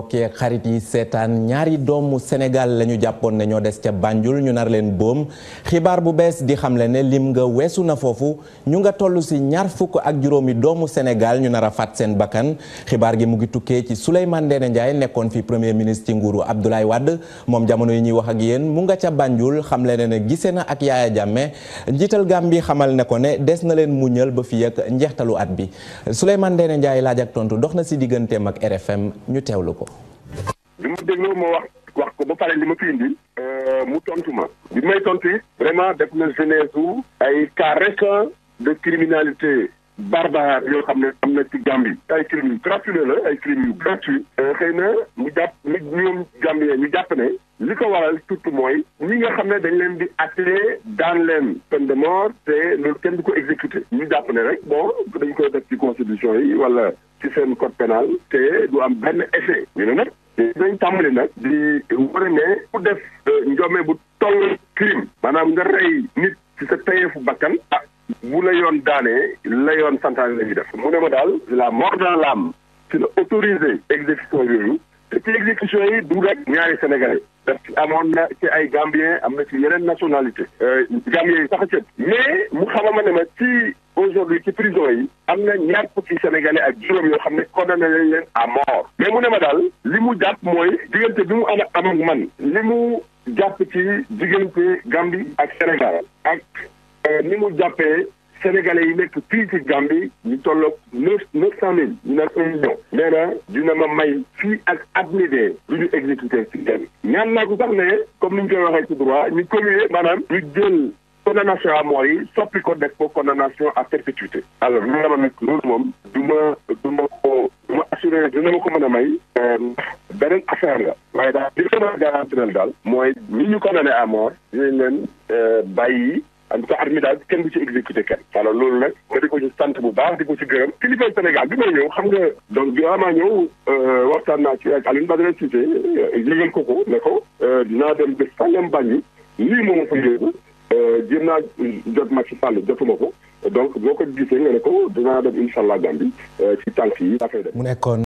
okkee xarit yi seetaan ñaari doomu Sénégal lañu jàppoon ne ñoo des ca Banjul ñu nar leen boom xibaar bu bees di xamle ne lim nga weesu na foofu ñu nga toll si ñaar fukk ak juróomi doomu Sénégal ñu nar a faat seen bakkan xibaar gi mu ngi tukkee ci Souleymane Ndéné Ndiaye nekkoon fi premier ministre ci nguuru Abdoulaye Wade moom jamono yi ñuy wax ak yéen mu nga ca Banjul xamle ne ne gisee na ak Yaya Jammeh njiital Gàmbi xamal ne ko ne des na leen muñal ba fii ak at bi Souleymane Ndéné Ndiaye laaj tontu dox na si digganteem ak RFM ñu teewlu li bi ma dégloo moo wax wax ko ba pare li ma fi indi. Euh, mu tontu ma. bi may tontu it. vraiment def na jeunesse wu. ay cas récent de criminalité barbare yoo xam ne am na ci Gambie. ay crimes yu crapuleux la ay crimes yu gratuits. Euh, xëy na mu jàpp ñu ñoom Gambien ñu jàpp ne. li ko waral surtout mooy ñi nga xam ne dañ leen di atté daan leen peine de mort te loolu kenn du ko exécuté ñu jàpp ne rek bon dañ koy def ci constitution yi wala ci seen code pénal te du am benn effet ñu ne nag dinañ tàmbali nag di war ne ku def euh, njome bu toll crime maanaam nga rey nit ci sa tayeefu bakkan ah bu la yoon daanee la yoon santaane la def mu ne ma daal la mort dans ci la autorisé exécution yooyu te ci exécution yi du rek ñaari sénégalais daf ci amoon na ci ay gambien am na ci yeneen nationalité euh, gambien yi sax a cët mais mu xamama ne ma ci aujourd'hui ci prison yi am na ñaar fukki sénégalais ak juróom yoo xam ne condamné nañ leen à mort mais mu ne ma daal li mu jàpp mooy diggante bi mu am ak man li mu jàpp ci diggante Gambie ak Sénégal ak euh, ni mu jàppee sénégalais yi nekk fii ci Gambie ñu tolloog neuf neuf cent mille ñu naan un na dina ma may fii ak at mi dee lu ñu exécuté ci dem ñaan naa ko sax ne comme ni ñu koy waxee ci droit ñu commuer maanaam ñu jël condamnation am mooy soppi ko def ko condamnation à perpétuité alors lu ma nag loolu moom du ma du ma ko du ma assuré dina ko mën a may euh, beneen affaire la waaye daal a sama garanti nal daal mooy ni ñu condamné à mort dinañ leen euh, bàyyi am sa at mi daal kenn bu ci exécuté kenn alors loolu nag nga di ko ci sant bu baax di ko ci gërëm kilifa Sénégal bi may ñëw xam nga donc bi maa ñëw euh, waxtaan naa ci ak ba Badara Cissé yëgal ko ko ne ko dinaa dem bés sàngam bàññi lii moom Euh, jéem naa jot Macky Sall jotuma ko donc boo ko gisee nga ne ko dinaa dem incha allah Gambie euh, ci tànk yi daa fay